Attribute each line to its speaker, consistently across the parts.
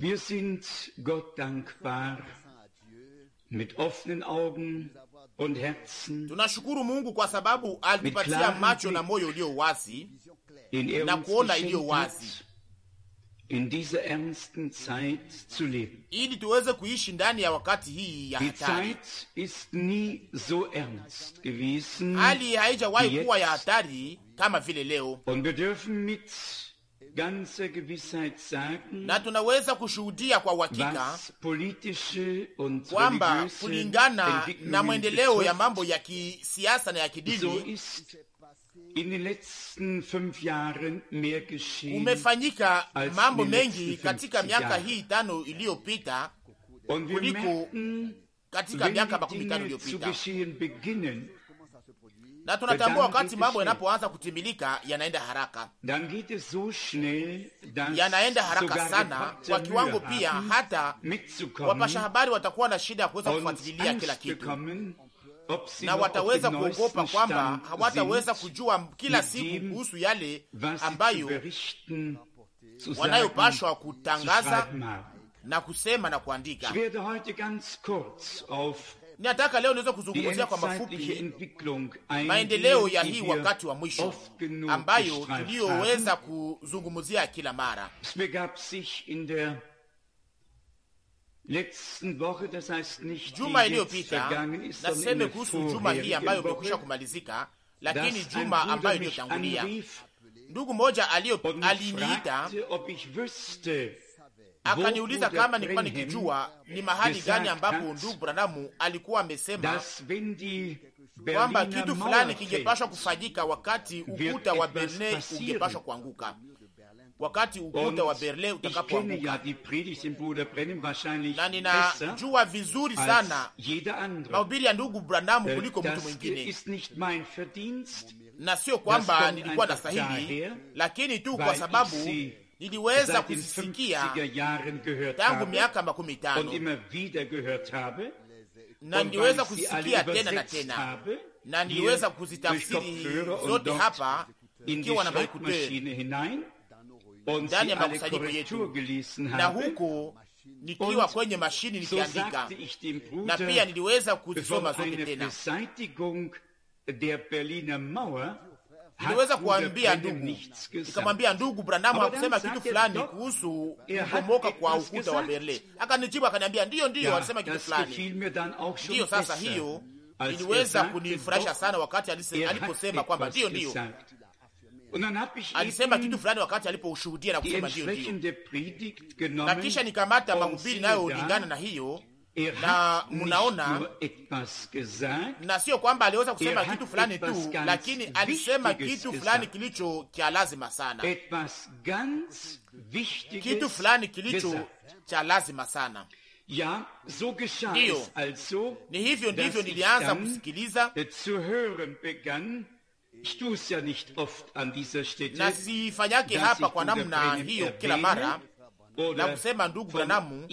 Speaker 1: Wir sind Gott dankbar mit offenen Augen und Herzen. Tunashukuru Mungu kwa sababu alitupatia macho na moyo ulio wazi na er kuona iliyo wazi, in dieser ernsten Zeit zu leben, ili tuweze kuishi ndani ya wakati hii ya hatari. Hali haijawahi kuwa ya hatari kama vile leo, und wir dürfen mit na tunaweza kushuhudia kwa uhakika kwamba kulingana na mwendeleo ya mambo ya kisiasa na ya kidini umefanyika mambo mengi katika miaka hii tano iliyopita kuliko katika miaka makumi tano iliyopita na tunatambua wakati mambo yanapoanza kutimilika yanaenda haraka, yanaenda haraka sana, kwa kiwango pia hata wapasha habari watakuwa na shida ya kuweza kufuatilia kila kitu na wataweza kuogopa kwamba hawataweza kujua kila siku kuhusu yale ambayo
Speaker 2: wanayopashwa
Speaker 1: kutangaza na kusema na kuandika. Nataka leo niweze kuzungumzia kwa mafupi
Speaker 3: maendeleo ya hii wakati wa mwisho ambayo tuliyoweza
Speaker 1: kuzungumzia kila mara. Juma iliyopita, naseme kuhusu juma hii ambayo imekwisha kumalizika, lakini juma ambayo iliyotangulia, ndugu moja aliniita akaniuliza kama nilikuwa nikijua ni mahali gani ambapo ndugu Branamu alikuwa amesema kwamba kitu fulani kingepashwa kufanyika wakati ukuta wa Berlin ungepashwa kuanguka wakati ukuta wa Berlin utakapoanguka. Na ninajua vizuri sana mahubiri ya ndugu Branamu äh, kuliko mtu mwingine, na sio kwamba nilikuwa na stahili lakini tu kwa sababu niliweza kuzisikia tangu miaka makumi tano na niliweza kuzisikia tena na tena, na niliweza kuzitafsiri zote hapa ikiwa na maikute ndani ya makusanyiko yetu, na huko nikiwa kwenye mashini nikiandika, na pia niliweza kuzisoma zote tena niliweza kuambia ndugu, nikamwambia ndugu Branham akusema kitu fulani kuhusu eh, kubomoka kwa ukuta wa Berlin. Akanijibu akaniambia ndiyo, ndiyo, alisema kitu fulani ndiyo. Sasa hiyo iliweza er kunifurahisha sana wakati er aliposema kwamba ndiyo, ndiyo alisema kitu fulani wakati aliposhuhudia na kusema ndiyo, ndiyo, na kisha nikamata mahubiri nayo ulingana na hiyo Eh, na mnaona, e na sio kwamba aliweza e kusema kitu e fulani tu, lakini alisema kitu fulani kilicho cha lazima sana, kitu fulani kilicho cha lazima sana. Ja, so geschah es
Speaker 3: Also,
Speaker 1: ni hivyo ndivyo nilianza
Speaker 3: kusikiliza zu hören begann ja nicht oft na sifanyake hapa kwa namna hiyo kila mara
Speaker 1: Uh, na kusema ndugu Branamu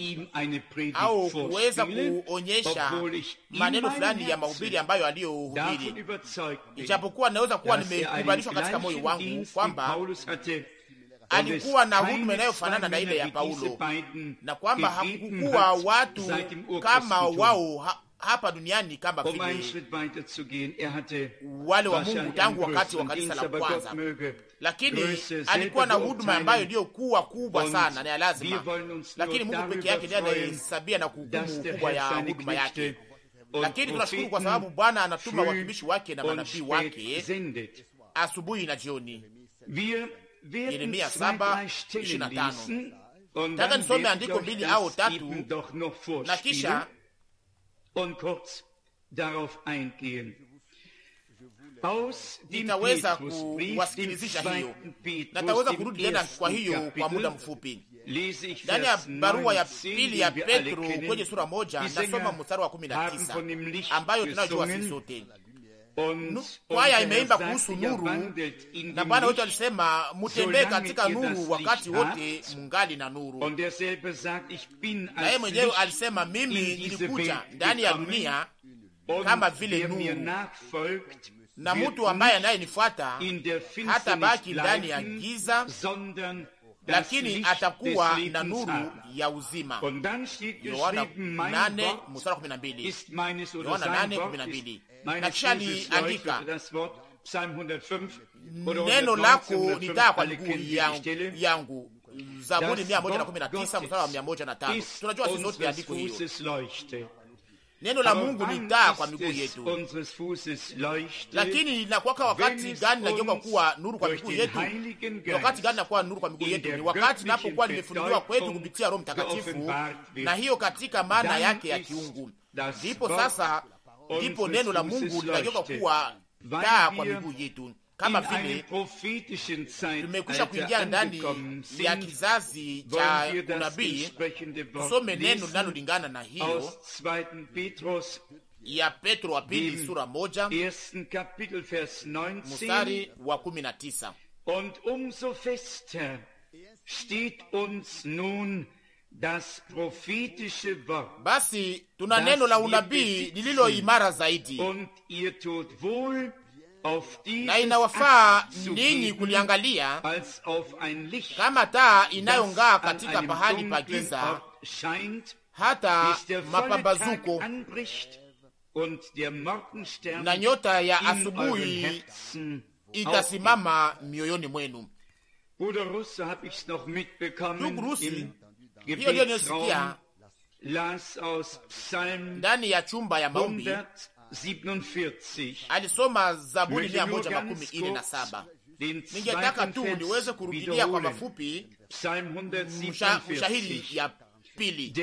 Speaker 1: au kuweza kuonyesha maneno fulani ya mahubiri ambayo aliyohubiri, ijapokuwa naweza kuwa nimekubalishwa katika moyo wangu kwamba uh, alikuwa na huduma inayofanana na ile ya Paulo na kwamba hakukuwa watu oh, kama wao hapa duniani kama vile uh, wale wa Mungu tangu wakati wa kanisa la kwanza, lakini alikuwa na huduma ambayo iliyokuwa kubwa sana na ya lazima, lakini Mungu peke yake ndiye anayesabia na kuhukumu ukubwa ya huduma yake.
Speaker 3: Lakini tunashukuru kwa sababu Bwana anatuma watumishi wake na manabii wake
Speaker 1: asubuhi na jioni. Yeremia 7:25 ishirini some nisome andiko mbili au tatu na kisha
Speaker 3: nitaweza kuwasikilizisha hiyo, nitaweza kurudi tena kwa hiyo kwa muda
Speaker 1: mfupi. Ndani ya barua ya pili ya Petro kwenye sura moja nasoma mstari wa kumi na tisa ambayo tunajua sisi sote kwaya imeimba kuhusu nuru, na Bwana wetu alisema mutembee katika nuru wakati wote mungali na nuru. Naye mwenyewe alisema mimi nilikuja ndani ya dunia kama vile nuru, na mtu ambaye anayenifuata hata baki ndani ya giza, lakini atakuwa na nuru ya uzima. Yohana nane mstari kumi na Yohana nane na kisha aliandika neno lako ni taa kwa miguu yangu. Zaburi 119 moja mstari wa mia Tunajua sisi sote andiko hiyo Neno la Mungu ni taa kwa miguu yetu, lakini linakuwaka wakati gani nageuka kuwa nuru kwa miguu yetu? Wakati gani nakuwa nuru kwa miguu yetu? Ni wakati napokuwa limefunuliwa kwetu kupitia Roho Mtakatifu, na hiyo katika maana yake ya kiungu, ndipo sasa ndipo neno la Mungu linageuka kuwa taa kwa miguu yetu kama vile tumekwisha kuingia ndani ya kizazi cha unabii. Tusome neno linalolingana na hiyo ya Petro wa pili sura moja mstari wa kumi na tisa. Und umso fester steht uns nun das prophetische Wort. Basi tuna neno la unabii lililo imara zaidi. Und ihr tut wohl na inawafaa ninyi kuliangalia kama taa inayong'aa katika pahali pa giza hata mapambazuko na nyota ya asubuhi itasimama mioyoni mwenu. Ndugu Rusi, hiyo ndiyo niyosikia ndani ya chumba ya maombi alisoma Zaburi mia moja makumi ine na saba. Ningetaka tu niweze kurudilia kwa mafupi mshahili ya pili,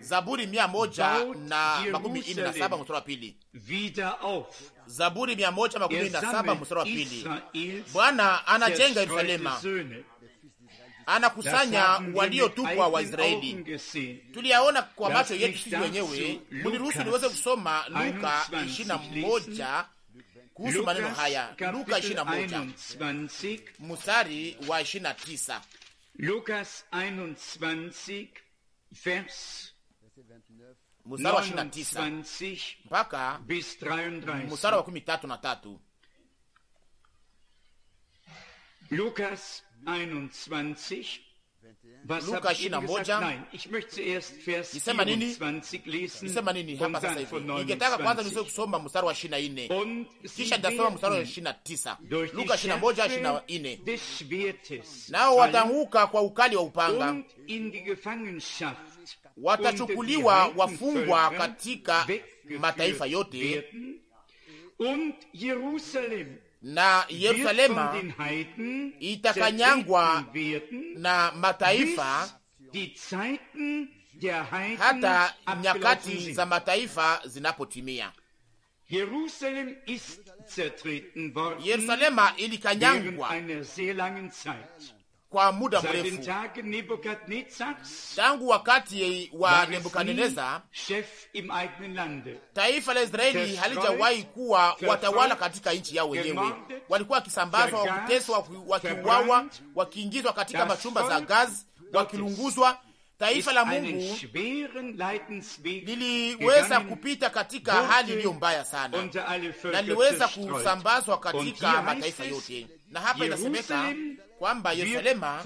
Speaker 1: Zaburi mia moja na makumi ine na saba mstari wa pili. Zaburi mia moja makumi ine na saba mstari wa pili. Bwana anajenga Yerusalema anakusanya waliotupwa wa Israeli. Tuliyaona kwa macho yetu sisi wenyewe. Mniruhusu niweze kusoma Luka 21 kuhusu maneno haya, Luka 21 mstari wa 29. Lukas 21 vers
Speaker 2: mstari wa
Speaker 1: mpaka mstari wa 13 na 3. Luka ishirini na nini? nini hapa sasa hivi? Ningetaka kwanza niweze kusoma mstari wa kisha nitasoma mstari wa Luka Nao watanguka kwa ukali wa upanga, watachukuliwa wafungwa katika mataifa yote na Yerusalema itakanyangwa na mataifa hata nyakati za mataifa zinapotimia. Yerusalema ilikanyangwa kwa muda mrefu tangu wakati wa Nebukadneza. Taifa la Israeli halijawahi kuwa watawala katika nchi yao wenyewe. Walikuwa wakisambazwa, wakuteswa, wakiuawa, wakiingizwa katika machumba za gazi, wakilunguzwa. Taifa la Mungu liliweza kupita katika hali iliyo mbaya sana, na liliweza kusambazwa katika mataifa yote na hapa inasemeka kwamba Yerusalema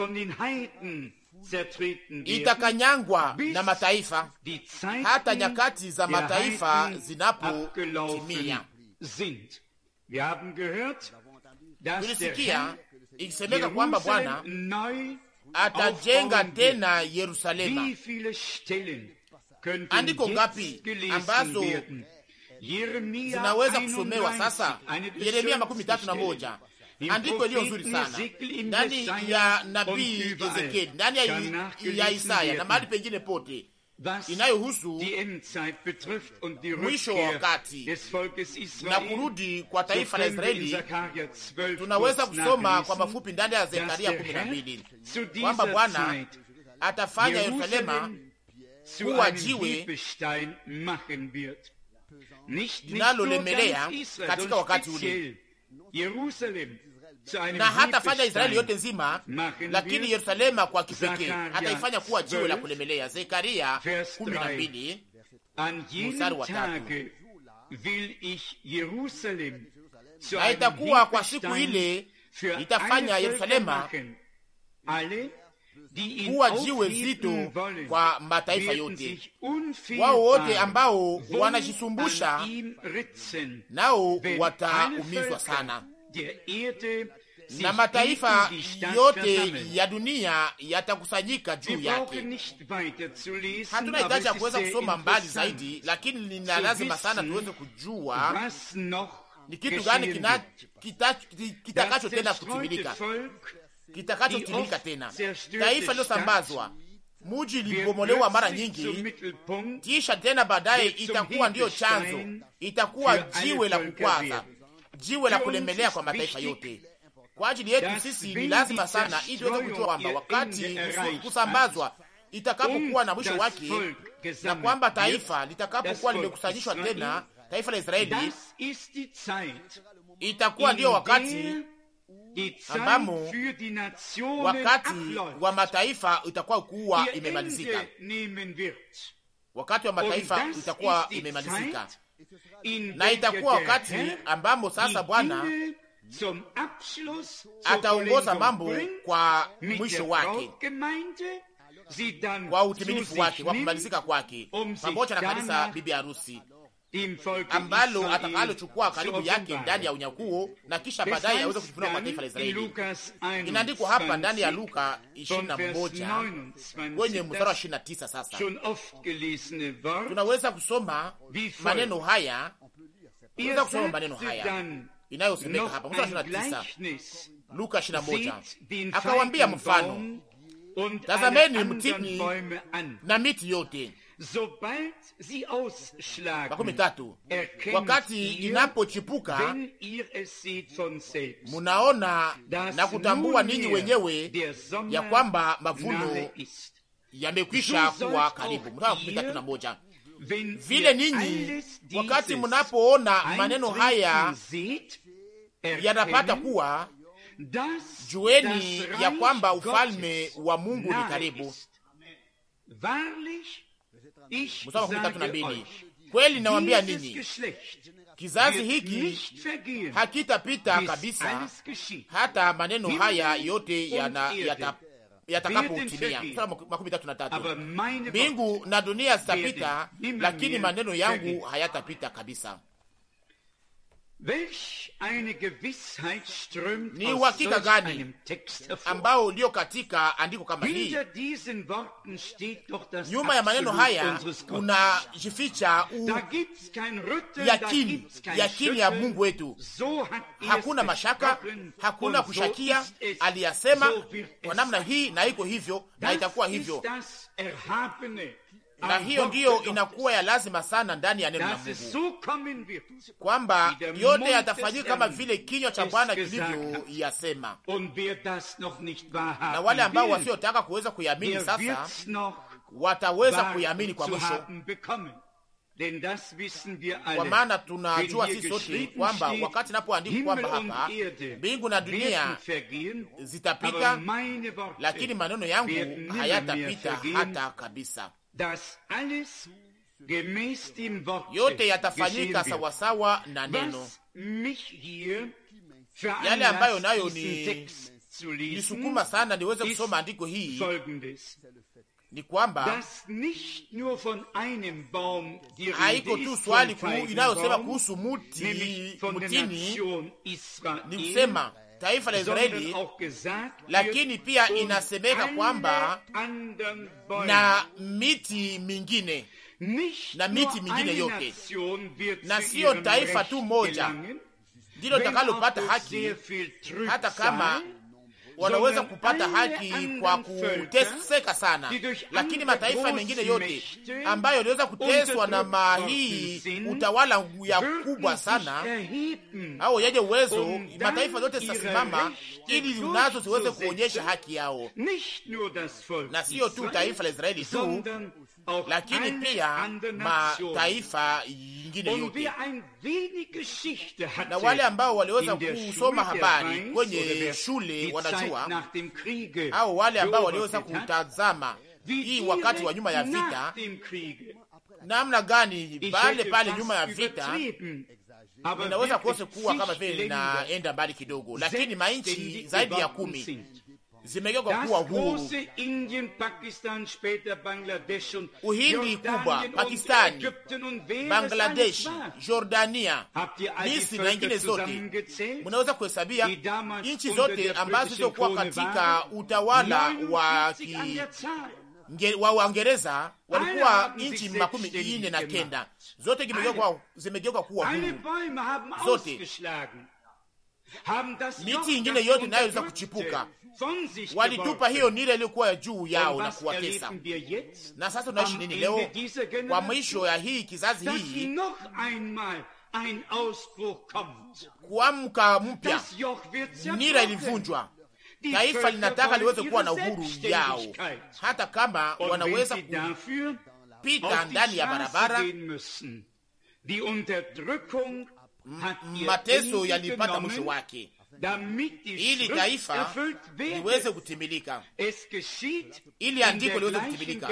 Speaker 1: itakanyangwa na mataifa hata nyakati za mataifa zinapotimia. Tulisikia ikisemeka kwamba Bwana atajenga tena Yerusalema. Andiko ngapi ambazo zinaweza kusomewa sasa? Yeremia makumi tatu na moja andiko iliyo nzuri sana ndani ya nabii Ezekieli, ndani ya Isaya na mahali pengine pote inayohusu mwisho wa wakati na kurudi kwa taifa la Israeli. Tunaweza kusoma kwa mafupi ndani ya Zekaria kumi na mbili kwamba Bwana atafanya Yerusalema kuwa jiwe linalolemelea katika wakati ule na na hatafanya Israeli yote nzima, lakini Yerusalema kwa kipekee hataifanya kuwa jiwe la kulemelea. Zekaria 12 mstari wa tatu.
Speaker 3: Na itakuwa kwa siku ile
Speaker 1: itafanya Yerusalema kuwa jiwe zito kwa mataifa yote. Wao wote ambao wanajisumbusha nao wataumizwa sana, na mataifa yote ya dunia yatakusanyika juu yake. Hatuna hitaji ya kuweza kusoma mbali zaidi, lakini nina lazima sana tuweze kujua ni kitu gani kitakacho kita tena kutimilika kitakachotimilika tena. Taifa lilosambazwa, muji ilibomolewa mara nyingi, kisha tena baadaye itakuwa ndiyo chanzo, itakuwa jiwe la kukwaza, jiwe la kulemelea kwa mataifa yote. Kwa ajili yetu sisi ni lazima sana ili tuweze kujua kwamba wakati kusambazwa itakapokuwa na mwisho wake, na kwamba taifa litakapokuwa limekusanyishwa tena, taifa la Israeli itakuwa ndiyo wakati ambamo wakati wa mataifa itakuwa kuwa imemalizika, wakati wa mataifa itakuwa imemalizika, na itakuwa wakati ambamo sasa Bwana ataongoza mambo kwa mwisho wake kwa utimilifu wake wa kumalizika kwake pamoja na kanisa bibi harusi ambalo atakalochukua karibu yake ndani ya unyakuo na kisha baadaye aweze kujifunua kwa taifa la Israeli.
Speaker 3: Inaandikwa hapa ndani ya Luka 21
Speaker 1: kwenye mstari wa 29. Sasa tunaweza kusoma maneno haya, tunaweza kusoma maneno haya inayosemeka hapa mstari wa 29, Luka 21, akawambia mfano, tazameni mtini na miti yote Makumi tatu. Wakati inapochipuka munaona na kutambua ninyi wenyewe ya kwamba mavuno yamekwisha kuwa karibu. Makumi tatu na moja. Vile ninyi wakati munapoona maneno haya yanapata kuwa, jueni ya kwamba ufalme wa Mungu ni karibu mstari tatu na mbili. Kweli nawambia ninyi, kizazi hiki hakitapita kabisa hata maneno haya yote yatakapotimia. makumi tatu na tatu, mbingu na dunia zitapita, lakini maneno yangu hayatapita kabisa. Ni uhakika gani ambao ulio katika andiko kama hii?
Speaker 3: Nyuma ya maneno haya
Speaker 1: unajificha yakini, yakini ya Mungu wetu. So er hakuna mashaka, hakuna kushakia. So aliyasema kwa namna hii, na iko hivyo, na itakuwa hivyo na hiyo ndiyo inakuwa ya lazima sana ndani ya neno la Mungu, kwamba yote yatafanyika kama vile kinywa cha Bwana kilivyo yasema. Na wale ambao wasiotaka kuweza kuyamini sasa wataweza kuyamini kwa mwisho, kwa maana tunajua sisi sote kwamba wakati napoandikwa kwamba hapa mbingu na dunia zitapita, lakini maneno yangu hayatapita hata kabisa yote yatafanyika sawasawa na neno. Yale ambayo nayo ni nisukuma sana niweze kusoma andiko hii ni kwamba
Speaker 3: haiko tu swali inayosema kuhusu
Speaker 1: muti mutini, ni kusema taifa la Israeli, lakini pia inasemeka kwamba na miti mingine na miti mingine yote, na siyo taifa tu moja ndilo takalopata haki, hata kama wanaweza kupata haki kwa kuteseka sana, lakini mataifa mengine yote ambayo yaliweza kuteswa na mahii utawala ya kubwa sana au yenye uwezo, mataifa yote zitasimama ili nazo ziweze kuonyesha haki yao, na siyo tu taifa la Israeli tu lakini pia mataifa yingine yote na wale ambao waliweza kusoma habari kwenye shule wanajua,
Speaker 3: au wale ambao waliweza
Speaker 1: kutazama hii wakati wa nyuma ya vita, namna gani pale pale nyuma ya vita inaweza kose kuwa kama vile linaenda mbali kidogo, lakini mainchi zaidi ya kumi zimegeuka kuwa huru. Uhindi kubwa, Pakistani, Bangladesh, Jordania, Misri na ingine zote, munaweza kuhesabia nchi zote ambazo zilizokuwa katika utawala wa Waingereza walikuwa nchi makumi ine na kenda, zote zimegeuka kuwa huru zote. Miti ingine yote inayoweza kuchipuka walitupa hiyo nira iliyokuwa juu yao na kuwatesa. Na sasa tunaishi nini leo kwa mwisho ya hii kizazi hii? Kuamka mpya, nira ilivunjwa, taifa linataka liweze kuwa na uhuru yao, hata kama wanaweza kupita ndani ya barabara. Mateso yalipata mwisho wake ili taifa liweze kutimilika, ili andiko liweze kutimilika,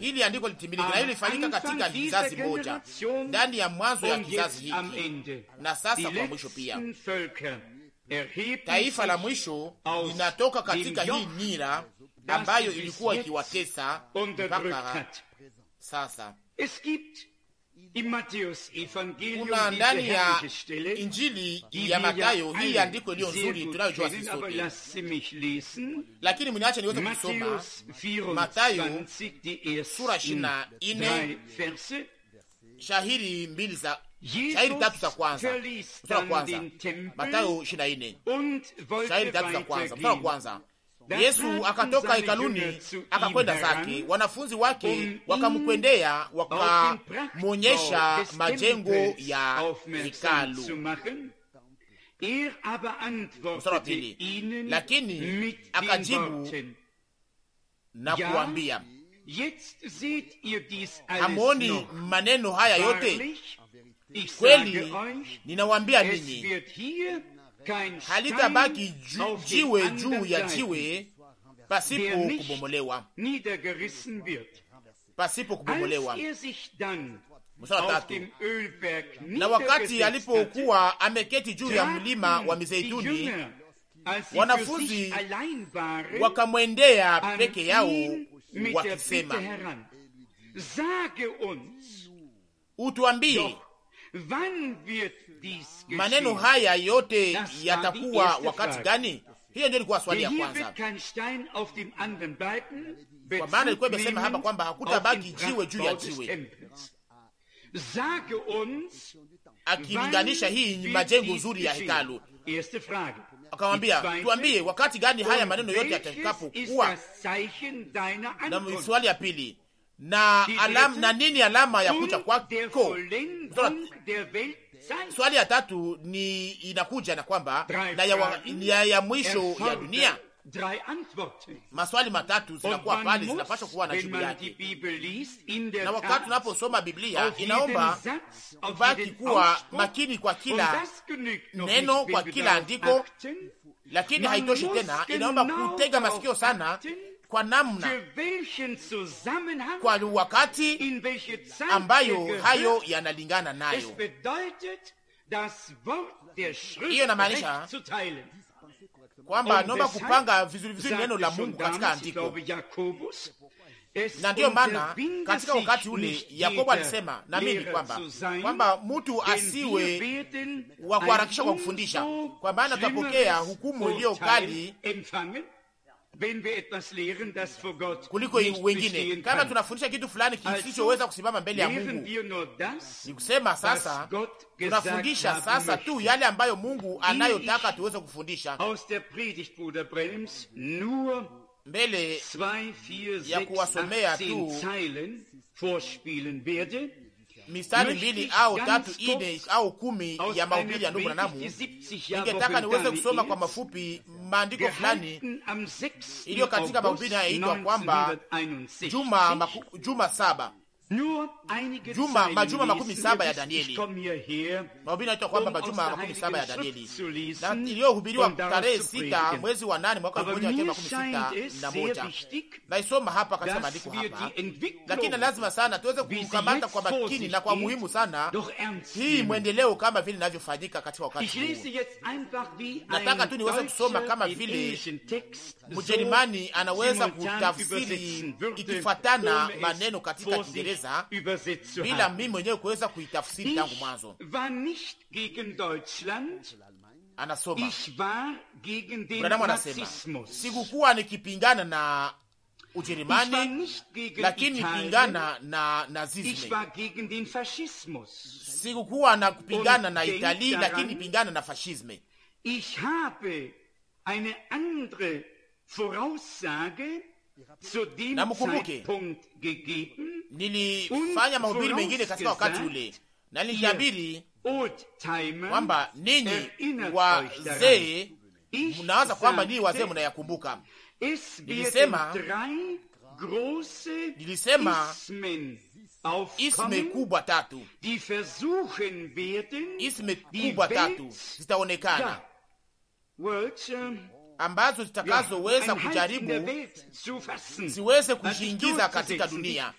Speaker 1: ili andiko litimilike. Na hiyo lifanyika katika kizazi moja, ndani ya mwanzo ya kizazi hiki na sasa kwa mwisho pia. Taifa la mwisho linatoka katika hii nira ambayo ilikuwa ikiwatesa mpaka sasa kuna ndani ya Injili ya Matayo hii andiko iliyo nzuri tunayojua sisi sote, lakini mniache niweze kusoma Matayo sura ishirini na nne shahiri mbili za shahiri tatu za kwanza mstari kwanza. Matayo ishirini na nne shahiri tatu za kwanza mstari wa kwanza Yesu akatoka hekaluni akakwenda zake, wanafunzi wake wakamkwendea wakamwonyesha majengo ya hekalu. Er Lakini akajibu na kuambia, hamwoni maneno haya yote? Kweli ninawambia ninyi halitabaki ju, jiwe juu ya jiwe pasipo kubomolewa, pasipo kubomolewa. Er Na wakati alipokuwa ameketi juu ya mlima wa Mizeituni, wanafunzi wakamwendea peke yao wakisema, utuambie Maneno haya yote yatakuwa wakati gani? Hiyo ndio ilikuwa swali ya kwanza,
Speaker 3: kwa maana ilikuwa imesema hapa kwamba hakutabaki jiwe juu ya jiwe,
Speaker 1: akilinganisha hii majengo nzuri ya hekalu. Akamwambia, tuambie wakati gani haya maneno yote yatakapokuwa. Na swali ya pili na alam, na nini alama ya kuja kwako? Swali ya tatu ni inakuja na kwamba na ya, ya, ya mwisho ya dunia. Maswali matatu zinakuwa pale, zinapaswa kuwa na jibu yake. Na wakati tunaposoma Biblia inaomba ubaki kuwa makini kwa kila neno, kwa kila andiko, lakini haitoshi tena, inaomba kutega masikio sana kwa namna, kwa wakati ambayo hayo yanalingana nayo. Hiyo inamaanisha kwamba naomba kupanga vizuri vizuri neno la Mungu katika andiko, na ndiyo maana katika wakati ule Yakobo alisema namini kwamba kwamba mtu asiwe wa kuharakisha kwa kufundisha, kwa maana tutapokea hukumu iliyo kali kuliko wengine. Kama tunafundisha kitu fulani kisichoweza kusimama mbele ya Mungu, ni kusema sasa tunafundisha sasa tu yale ambayo Mungu anayotaka tuweze kufundisha mbele ya kuwasomea tu
Speaker 3: mistari mbili au tatu ine
Speaker 1: au kumi ya mahubiri ya ndugu Branamu, ningetaka niweze kusoma kwa mafupi maandiko fulani um, iliyo katika mahubiri haya kwamba juma, juma saba Juma, majuma makumi saba ya Danieli mabina naitwa kwamba majuma makumi saba ya Danieli na iliyohubiriwa tarehe sita mwezi wa nane mwaka elfu moja mia tisa makumi sita na moja. Naisoma hapa katika maandiko hapa, lakini lazima sana tuweze kukamata kwa makini na kwa muhimu sana hii mwendeleo kama vile inavyofanyika katika wakati huu.
Speaker 3: Nataka tu niweze kusoma kama vile
Speaker 1: Mjerumani anaweza kutafsiri ikifuatana maneno katika Kiingereza Kiingereza bila mimi mwenyewe kuweza kuitafsiri tangu mwanzo. Anasoma Bradamu anasema sikukuwa nikipingana na Ujerumani, lakini pingana na nazism. Sikukuwa na kupingana na Itali, lakini pingana na fashisme. Ich habe eine andere Voraussage na mkumbuke nilifanya hmm? mahubiri mengine katika wakati ule, na nilitabiri kwamba ninyi wazee mnawaza kwamba ninyi wazee mnayakumbuka. Nilisema, nilisema isme kubwa tatu, isme kubwa tatu zitaonekana um, ambazo zitakazoweza kujaribu ziweze kujiingiza katika dunia,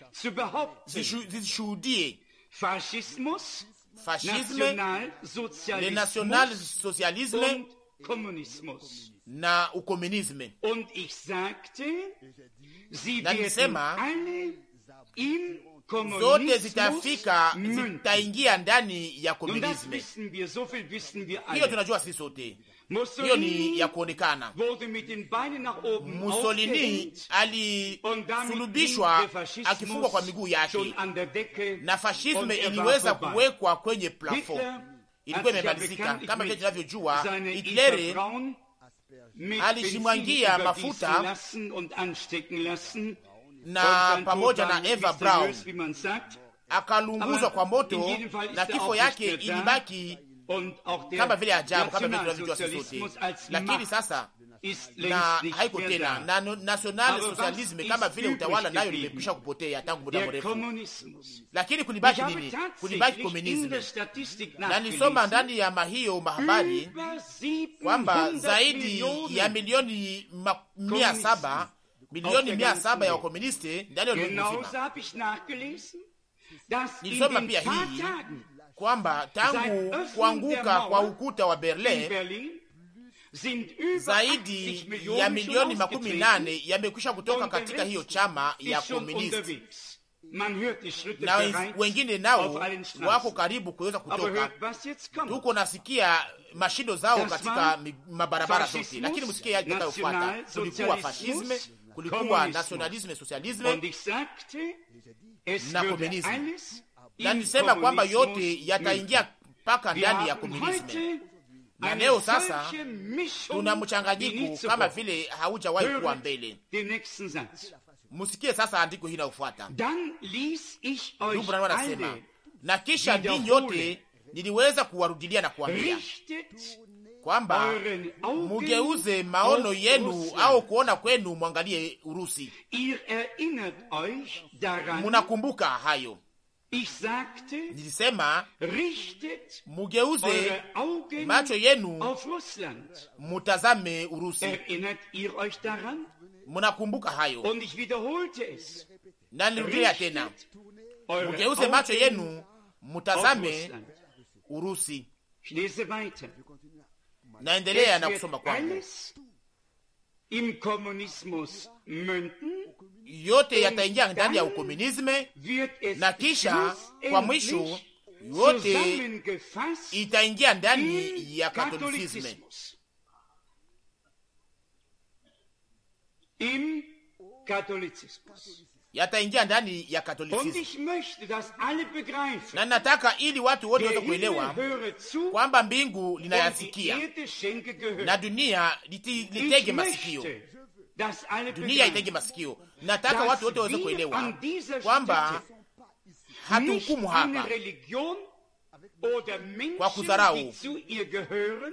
Speaker 1: zishuhudie fashisme, le national socialisme na ukomunisme. Na nisema zote zitafika zitaingia ndani ya komunisme. Hiyo tunajua sisi sote hiyo ni ya kuonekana. Mussolini alisulubishwa akifungwa kwa miguu yake, na fashisme iliweza kuwekwa kwenye plafo, ilikuwa imemalizika. Kama vile tunavyojua, Hitlere alijimwangia mafuta na pamoja na Eva Braun akalunguzwa kwa moto, na kifo yake ilibaki kama vile ajabu, kama vile tunavyojua sote, lakini sasa na haiko tena na national socialism kama vile utawala nayo limekwisha kupotea tangu muda mrefu, lakini kulibaki nini? Kulibaki komunism.
Speaker 3: Na nilisoma ndani
Speaker 1: ya mahiyo mahabari kwamba zaidi ya milioni mia saba milioni mia saba ya wakomunisti ndani ya ulimwengu mzima. Nilisoma pia hii kwamba tangu kuanguka kwa ukuta wa Berlin zaidi ya milioni makumi nane yamekwisha kutoka katika hiyo chama ya komunisti
Speaker 3: na wengine
Speaker 1: nao wako karibu kuweza kutoka. Tuko nasikia mashindo zao katika mabarabara zote, lakini msikie yale itakayofuata. Kulikuwa fashisme, kulikuwa nasionalisme, sosialisme na komunisme nisema yaani kwamba yote yataingia mpaka ndani ya komunisme. Na leo sasa
Speaker 3: tuna mchanganyiko kama
Speaker 1: vile haujawahi kuwa mbele. Musikie sasa andiko hii inayofuata, anasema, na kisha dini yote niliweza kuwarudilia na kuambia kwamba
Speaker 3: mugeuze
Speaker 1: maono yenu au kuona kwenu, mwangalie Urusi. Munakumbuka hayo Nilisema mugeuze
Speaker 3: macho yenu
Speaker 1: mutazame Urusi. Munakumbuka hayo? Na nirudia tena, mugeuze macho yenu mutazame Urusi. Naendelea na kusoma kwangu yote yataingia ndani ya ukomunisme, na kisha kwa mwisho yote itaingia ndani ya Katolisisme. Im katolisismus yataingia ndani ya Katolizismu, na nataka ili watu wote waweze kuelewa kwamba mbingu linayasikia na dunia litege masikio, dunia itege masikio. Nataka watu wote waweze kuelewa kwamba hatuhukumu hapa kwa kudharau,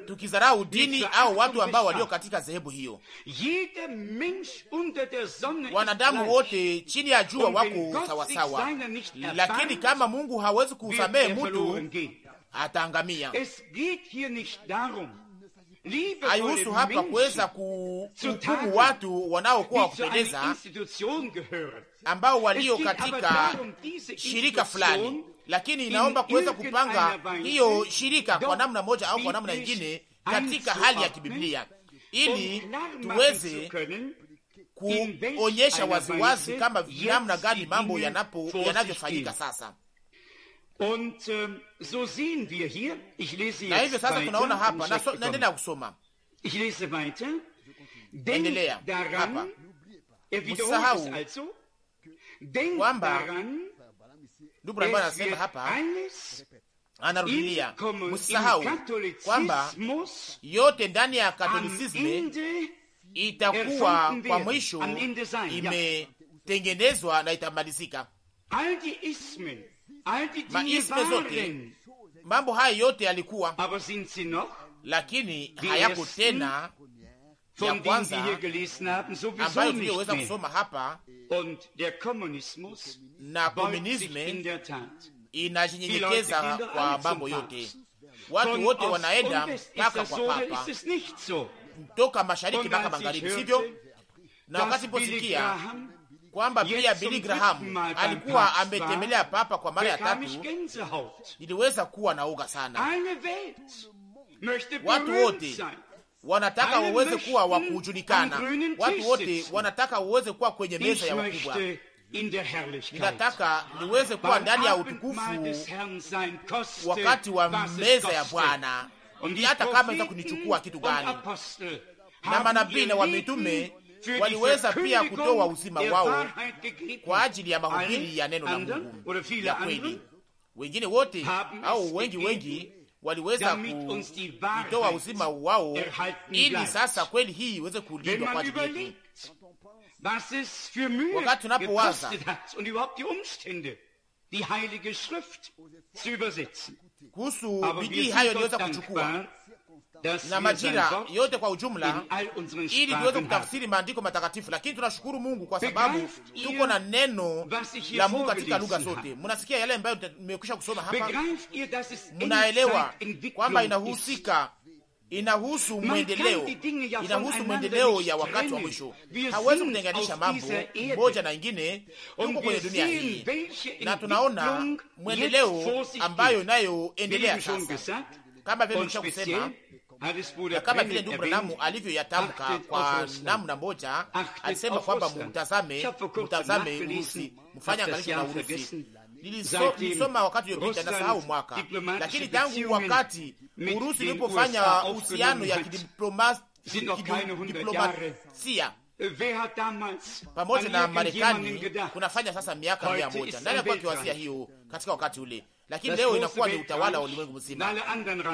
Speaker 1: tukidharau dini au watu ambao walio katika dhehebu hiyo. Wanadamu wote chini ya jua wako sawasawa, lakini kama Mungu hawezi kusamehe er mtu ataangamia. Haihusu hapa kuweza kuhukumu watu wanaokuwa wakupendeza ambao walio katika
Speaker 3: shirika fulani lakini inaomba kuweza kupanga hiyo
Speaker 1: shirika kwa namna moja au kwa namna nyingine katika hali ya kibiblia
Speaker 2: ili tuweze
Speaker 1: kuonyesha waziwazi kama namna gani mambo yanavyofanyika sasa. Und, um, so
Speaker 3: sehen wir hier. Ich lese na hivyo sasa tunaona hapa naendelea ya na kusoma ich lese weiter.
Speaker 1: Denk daran er Ndugu Brandt anasema hapa, anarudilia msisahau kwamba yote ndani ya Katolicisme itakuwa kwa mwisho imetengenezwa na itamalizika. Maisme zote mambo haya yote yalikuwa, lakini hayako tena hmm? ya kwanza ambayo tuliyoweza kusoma hapa. Na komunisme inajinyenyekeza kwa mambo yote, watu wote wanaenda mpaka kwa papa, toka mashariki mpaka magharibi, sivyo? Na wakati posikia kwamba pia Billy Graham alikuwa ametembelea papa kwa mara ya tatu, niliweza kuwa naoga sana. Watu wote wanataka waweze kuwa wa kujulikana, watu wote wanataka waweze kuwa kwenye meza ya wakubwa.
Speaker 3: Ninataka
Speaker 1: niweze kuwa ndani ya utukufu
Speaker 3: wakati wa meza ya Bwana, hata kama iza kunichukua kitu gani.
Speaker 1: Na manabii na wamitume waliweza pia kutoa uzima wao kwa ajili ya mahubiri ya neno la Mungu ya kweli. Wengine wote au wengi wengi waliweza kuitoa uzima wao, ili sasa kweli hii iweze kulindwa kwa ajili yetu. Wakati tunapowaza kuhusu
Speaker 3: bidii hayo iliweza kuchukua
Speaker 1: na majira yote kwa ujumla, ili tuweze kutafsiri maandiko matakatifu. Lakini tunashukuru Mungu kwa sababu tuko na neno la Mungu katika lugha zote. Mnasikia yale ambayo nimekwisha kusoma hapa,
Speaker 3: mnaelewa
Speaker 1: kwamba inahusika inahusu mwendeleo, inahusu mwendeleo ya wakati wa mwisho. Hawezi kutenganisha mambo moja na ingine. Tuko kwenye dunia hii na tunaona mwendeleo ambayo inayoendelea sasa, kama vile nimesha kusema na kama vile ndugu Branamu alivyoyatamka kwa namna moja, alisema kwamba mutazame, mutazame Urusi, mfanye angalisho na Urusi. Nilisoma wakati uliopita, nasahau mwaka, lakini tangu wakati Urusi ilipofanya uhusiano ya kidiplomasia pamoja na Marekani kunafanya sasa miaka mia moja, nani alikuwa kiwazia hiyo katika wakati ule? lakini leo inakuwa ni utawala wa ulimwengu mzima,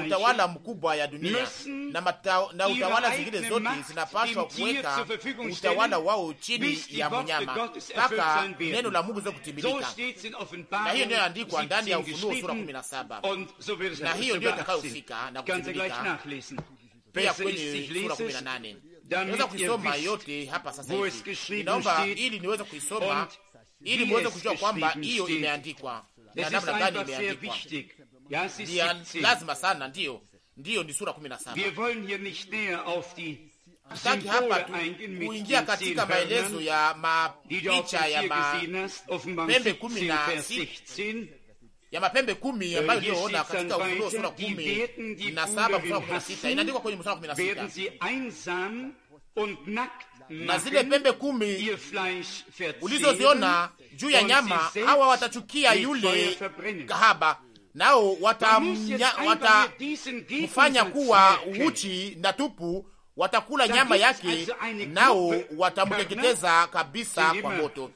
Speaker 1: utawala mkubwa ya dunia na, mata, na utawala zingine zote zinapaswa kuweka utawala wao chini ya mnyama mpaka neno la Mungu ziweze kutimilika,
Speaker 3: na hiyo ndiyo andikwa ndani ya Ufunuo sura 17 na hiyo ndiyo itakayofika na kutimilika pia kwenye sura 18.
Speaker 1: Naweza kuisoma yote hapa sasa hivi, naomba ili niweze kuisoma ili muweze kujua kwamba hiyo imeandikwa na namna gani imeandikwa. Ni lazima sana, ndiyo, ndiyo, ni sura kumi na saba.
Speaker 3: Sitaki hapa tu kuingia katika maelezo ya mapicha ya
Speaker 1: mapembe kumi na ya mapembe kumi äh, ambayo iliyoona katika Ufunuo sura kumi na saba mstari kumi na sita inaandikwa kwenye mstari kumi na sita na zile pembe kumi ulizoziona juu ya nyama, hawa watachukia yule kahaba, nao watamfanya kuwa uchi na tupu, watakula nyama yake, nao watamteketeza kabisa kwa moto.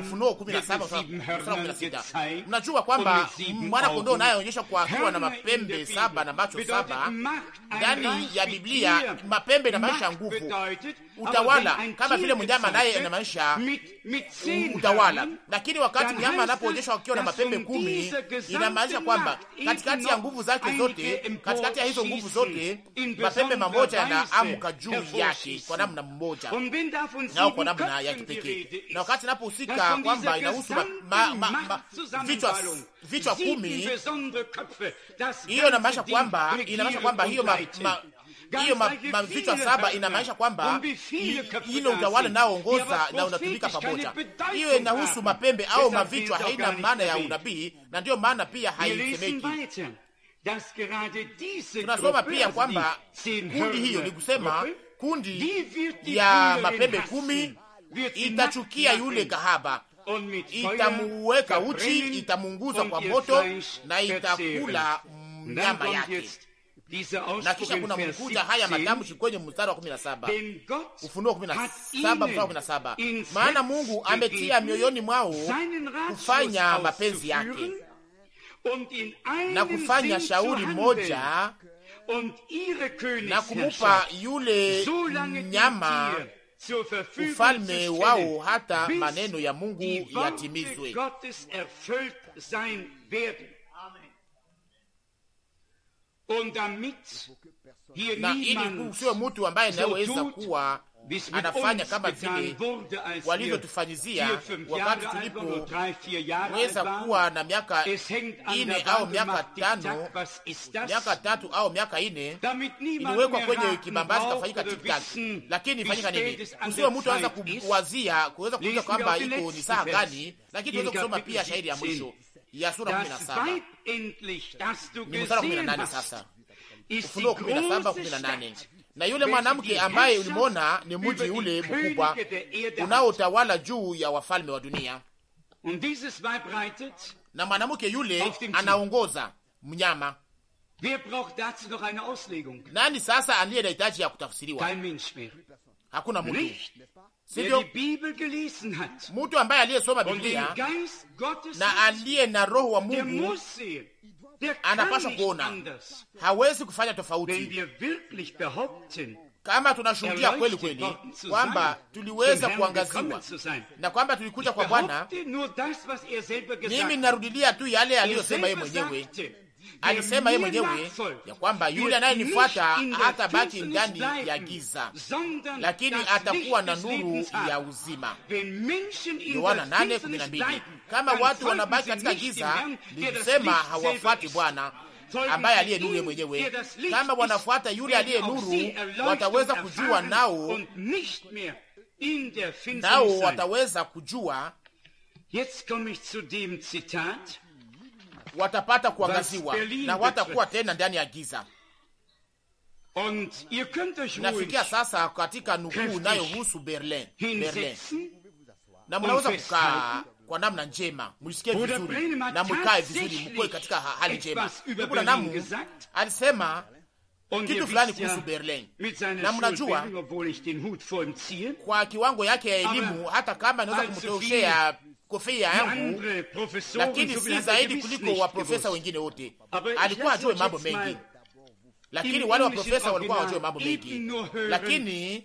Speaker 1: Ufunuo 17:16. Mnajua kwamba mwana kondoo naye anaonyesha kwa akiwa na mapembe saba na macho saba. Ndani ya Biblia mapembe na maisha nguvu utawala, kama vile mnyama naye maisha utawala. Lakini wakati mnyama anapoonyeshwa akiwa na mapembe kumi, inamaanisha kwamba katikati ya nguvu zake zote, katikati ya hizo nguvu zote, mapembe mamoja yanaamka juu yake kwa namna mmoja nao kwa namna ya kipekee. Na wakati inapohusika kwamba inahusu vichwa vichwa kumi, hiyo inamaanisha kwamba inamaanisha kwamba hiyo hiyo mavichwa saba inamaanisha kwamba hilo utawala naoongoza na unatumika pamoja. Hiyo inahusu mapembe au mavichwa, haina maana ya unabii, na ndiyo maana pia haisemeki. Tunasoma pia kwamba kundi hiyo ni kusema kundi ya mapembe kumi itachukia yule kahaba, itamuweka uchi, itamuunguza kwa moto na itakula
Speaker 2: nyama yake
Speaker 1: na kisha kuna kuja haya matamshi kwenye mstari wa kumi na saba Ufunuo kumi na saba mstari wa kumi na saba maana Mungu ametia mioyoni mwao
Speaker 3: kufanya
Speaker 1: mapenzi yake
Speaker 3: na kufanya shauri moja
Speaker 1: na kumupa yule nyama ufalme wao hata maneno ya
Speaker 3: Mungu yatimizwe na ili usiwe mtu ambaye anayeweza
Speaker 1: kuwa anafanya kama vile walivyotufanyizia wakati weza kuwa na miaka ine au miaka tano, miaka tatu au miaka ine, iliwekwa kwenye kibambazi kafanyika tiktak, Lakini ifanyika nini? Usiwe mtu anaweza kuwazia kuweza kuuza kwamba iko ni saa gani, lakini tuweze kusoma pia shahiri ya mwisho ya sura kumi na saba
Speaker 3: kumi na nane sasa
Speaker 1: Ufunuo kumi na saba kumi na nane na yule mwanamke ambaye ulimwona ni mji ule mkubwa unaotawala juu ya wafalme wa dunia, na mwanamke yule anaongoza mnyama. Nani sasa aliye na hitaji ya kutafsiriwa? Hakuna mtu, sivyo? Mtu ambaye aliyesoma Biblia na aliye na roho wa Mungu anapaswa kuona, hawezi kufanya tofauti. Kama tunashuhudia kweli kweli kwamba tuliweza kuangaziwa na kwamba tulikuja kwa Bwana, er mimi ninarudilia tu yale er aliyosema yeye mwenyewe Alisema yeye mwenyewe ya kwamba yule anayenifuata hata baki ndani ya giza, lakini atakuwa na nuru ya uzima. Yohana mbili. Kama watu wanabaki katika giza, nilisema hawafuati Bwana ambaye aliye nuru ye mwenyewe. Kama wanafuata yule aliye nuru, wataweza kujua nao, nao wataweza kujua. Jetzt komme ich zu dem Zitat watapata kuangaziwa na watakuwa tena ndani ya giza. Nafikia sasa katika nukuu inayohusu Berlin, Berlin,
Speaker 3: na mnaweza kukaa
Speaker 1: kwa namna njema, msikie vizuri na mkae vizuri, mkoe katika hali njema. Kuna namu alisema kitu fulani kuhusu Berlin na mnajua, kwa kiwango yake ya elimu, hata kama inaweza kumtoshea kofia yangu, lakini si zaidi kuliko waprofesa wengine wote. Alikuwa ajue mambo mengi, lakini wale wa profesa walikuwa hawajue mambo mengi,
Speaker 3: lakini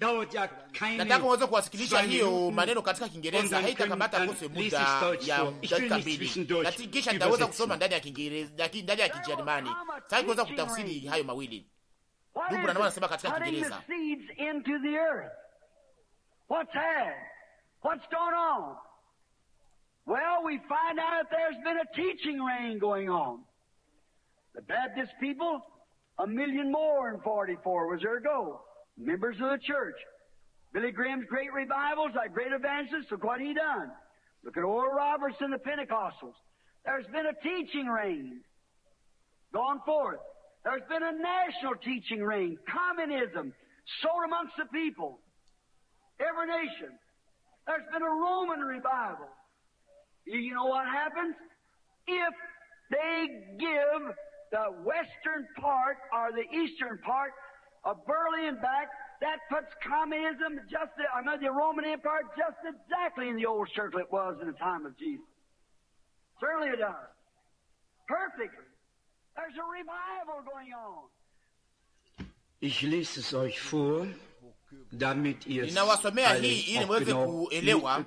Speaker 1: nataka uweze kuwasikilisha hiyo maneno katika Kiingereza. haitakamata kose muda ya dakika mbili, lakini kisha nitaweza kusoma ndani ya Kiingereza, ndani ya Kijerumani. Sasa kuweza kutafsiri hayo mawili, ndugu na anasema katika Kiingereza
Speaker 2: What's going on? Well, we find out that there's been a teaching rain going on. The Baptist people, a million more in 44 was their goal. Members of the church. Billy Graham's great revivals, that great advances. look what he done. Look at Oral Roberts and the Pentecostals. There's been a teaching rain gone forth. There's been a national teaching rain. communism, sown amongst the people, every nation. There's been a Roman revival. You know what happens? If they give the western part or the eastern part of Berlin back, that puts communism, just I mean, the Roman Empire, just exactly in the old circle it was in the time of Jesus. Certainly it does. Perfectly. There's a revival going on.
Speaker 3: Ich lese es euch vor, damit ihr es haltet,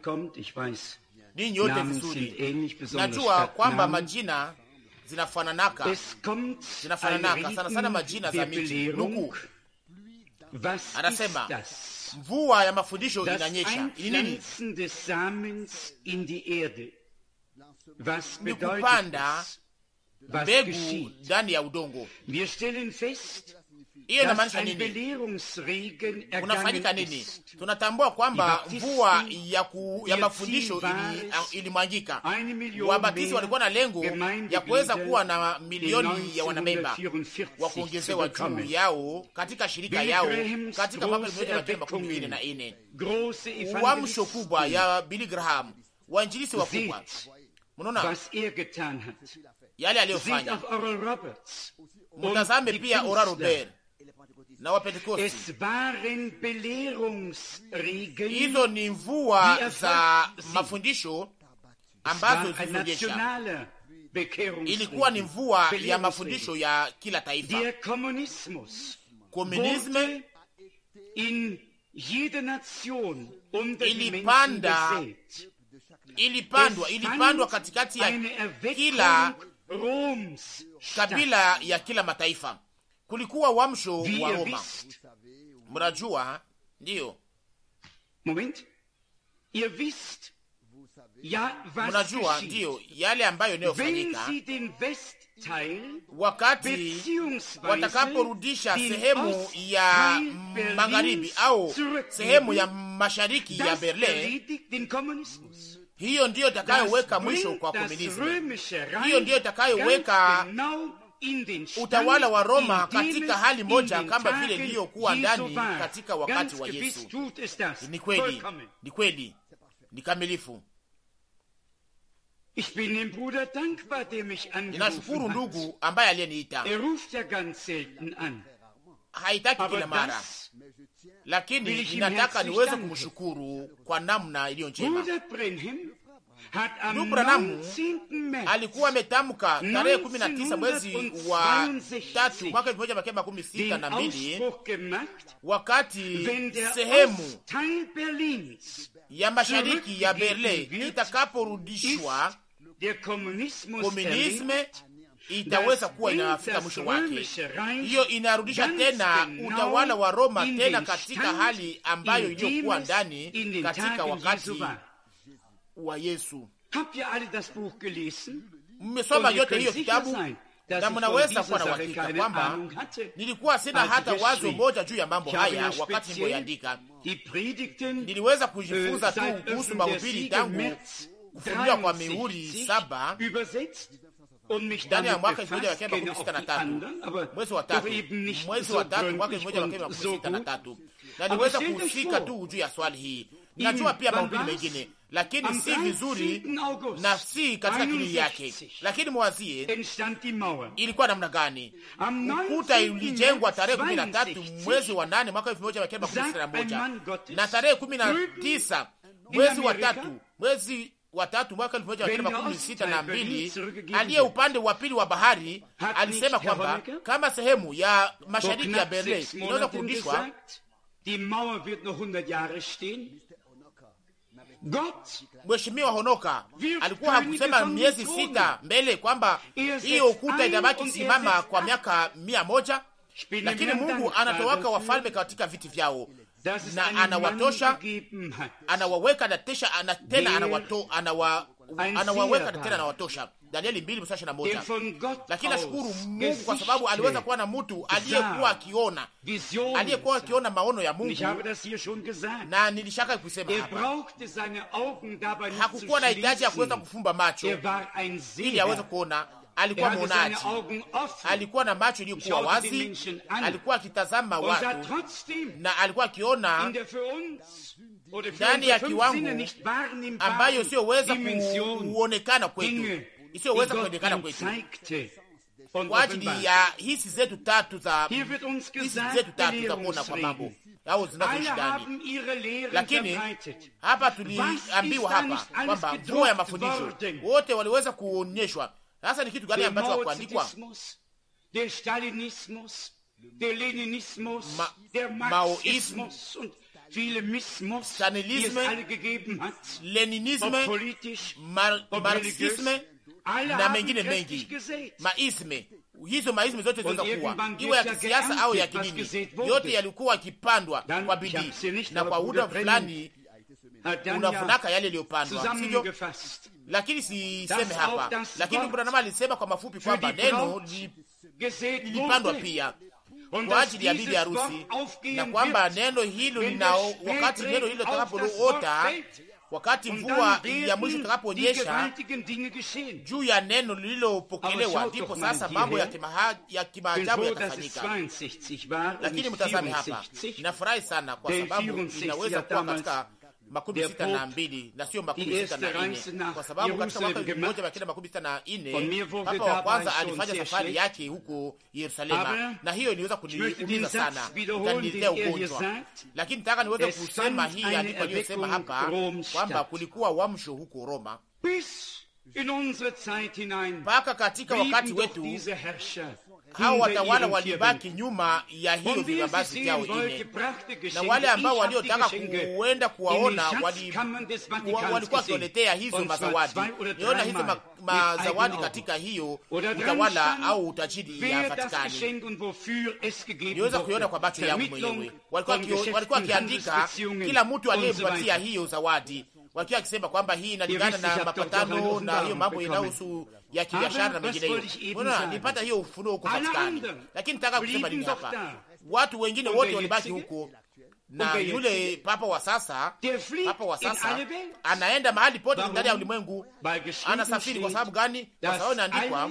Speaker 3: bekommt. Ich weiß, ninyi nyote vizuri. Eh, Najua kwamba
Speaker 1: majina zinafananaka, zinafananaka sana sana majina za miji. nuku. anasema mvua ya mafundisho inanyesha ni kupanda mbegu ndani ya udongo hiyo inamaanisha nini? Unafanyika nini? Tunatambua kwamba mvua ya, ku, ya mafundisho ilimwangika ili Wabatisti walikuwa na lengo ya kuweza kuwa na milioni ya wanamemba wa kuongezewa juu yao katika shirika yao katika mwaka makumi mbili na nne. Uamsho kubwa ya Billy Graham, wainjilisi wakubwa, mnaona er yale aliyofanya. Mtazame pia Ora Robert na Wapentekosti. Hizo ni mvua za mafundisho ambazo zilionyesha, ilikuwa ni mvua ya mafundisho ya kila taifa. Komunisme um ilipanda ilipandwa ilipandwa katikati ya kila kabila ya kila mataifa kulikuwa uamsho wa Roma, mnajua ndiyo, mnajua ndiyo yale ambayo inayofanyika wakati watakaporudisha sehemu ya magharibi au sehemu ya mashariki ya Berlin, hiyo ndiyo itakayoweka mwisho kwa komunismu,
Speaker 3: hiyo ndiyo itakayoweka
Speaker 1: utawala wa Roma katika hali moja kama vile iliyokuwa ndani katika wakati wa Yesu. Ni kweli, ni kweli, ni kamilifu. Ninashukuru ndugu ambaye aliyeniita. Er Haitaki kila mara, lakini ninataka niweze kumshukuru kwa namna iliyo njema. Ndugu Branamu alikuwa ametamka tarehe tisa mwezi wa tatu mwaka mbili wakati sehemu ya mashariki ya Berlin itakaporudishwa, komunisme itaweza kuwa inafika mwisho wake. Hiyo inarudisha tena utawala wa Roma tena katika hali ambayo iliyokuwa ndani katika wakati wa Yesu. Mmesoma yote hiyo kitabu na mnaweza kuwa na uhakika kwamba nilikuwa sina hata wazo moja juu ya mambo haya wakati niliyoandika. Niliweza kujifunza tu kuhusu mahubiri tangu kufunguliwa kwa mihuri saba ndani ya mwaka elfu moja mia kenda makumi sita na tatu mwezi wa tatu mwezi wa tatu mwaka elfu moja mia kenda makumi sita na tatu na niweza kuhusika tu juu ya swali hii najua pia maumbili mengine, lakini si vizuri na si katika kilii yake. Lakini mwazie ilikuwa namna gani. Ukuta ulijengwa tarehe kumi na tatu mwezi wa nane mwaka elfu moja mia tisa na moja na tarehe kumi na tisa mwezi wa tatu mwezi watatu mwaka elfu moja mia tisa makumi sita na mbili aliye upande wa pili wa bahari alisema kwamba kama sehemu ya mashariki ya Berlin inaweza kurudishwa Mheshimiwa Honoka alikuwa hakusema miezi sita mbele kwamba hiyo ukuta itabaki simama kwa miaka mia moja, lakini Mungu anatowaka wafalme katika viti vyao na anawatosha, anawaweka na tesha, tena anawato anawa anawaweka tena na watosha. Danieli mbili mstari na moja. Lakini nashukuru Mungu kwa sababu aliweza kuwa na mtu aliyekuwa akiona, aliyekuwa akiona maono ya Mungu, na nilishaka kusema hapa, hakukuwa na hitaji ya kuweza kufumba macho ili aweze kuona. Alikuwa mwonaji, alikuwa na macho iliyokuwa wazi, alikuwa akitazama watu na alikuwa akiona
Speaker 3: ndani ya kiwango ambayo isiyoweza
Speaker 1: kuonekana kwetu, isiyoweza kuonekana kwetu kwa ajili ya hisi zetu tatu za hisi zetu tatu za kuona kwa mambo au zinazoishi
Speaker 3: ndani. Lakini
Speaker 1: hapa tuliambiwa hapa kwamba nguo ya mafundisho wote waliweza kuonyeshwa. Sasa ni kitu gani ambacho hakuandikwa?
Speaker 3: Maoismu
Speaker 1: Stalinisme, Leninisme, Marxisme na mengine mengi maisme. Hizo maisme zote kuwa iwe ya kisiasa au ya kidini, yote yalikuwa yakipandwa kwa bidii na kwa muda fulani unafunaka yale yaliyopandwa, sivyo? Lakini siseme hapa, lakini Bwana alisema kwa mafupi kwamba neno lilipandwa pia
Speaker 2: kwa ajili ya bibi harusi, na kwamba
Speaker 1: neno hilo lina, wakati neno hilo litakapoota, wakati mvua ya mwisho itakaponyesha juu ya neno lililopokelewa, ndipo sasa mambo ya kimaajabu yatafanyika. Lakini mtazame hapa, ninafurahi sana kwa sababu inaweza kuwa katika makumi sita na mbili na sio makumi sita na nne kwa sababu katika mwaka elfu moja mia kenda makumi sita na nne papa wa kwanza alifanya safari yake huko Yerusalema, na hiyo iliweza kuniumiza sana, ikaniletea ugonjwa. Lakini taka niweze kusema hii andiko aliyosema hapa kwamba kulikuwa wamsho huko Roma
Speaker 3: mpaka katika wakati wetu
Speaker 1: hao watawala walibaki nyuma ya hiyo vibambazi vyao ine, na wale ambao waliotaka kuenda kuwaona walikuwa wakioletea hizo mazawadi. Niona hizo mazawadi katika hiyo utawala au utajiri ya Vatikani, niweza kuiona kwa macho yangu mwenyewe. Walikuwa wakiandika kila mtu aliyepatia hiyo zawadi, walikuwa wakisema kwamba hii inalingana na mapatano na hiyo mambo inayohusu ya ah, kibiashara na mengineyo. Mbona nilipata hiyo ufunuo huko Vatikani, lakini nataka kusema nini hapa? Watu wengine wote walibaki huko na yule papa wa sasa, papa wa sasa anaenda mahali pote ndani ya ulimwengu, anasafiri. Kwa sababu gani? Kwa sababu inaandikwa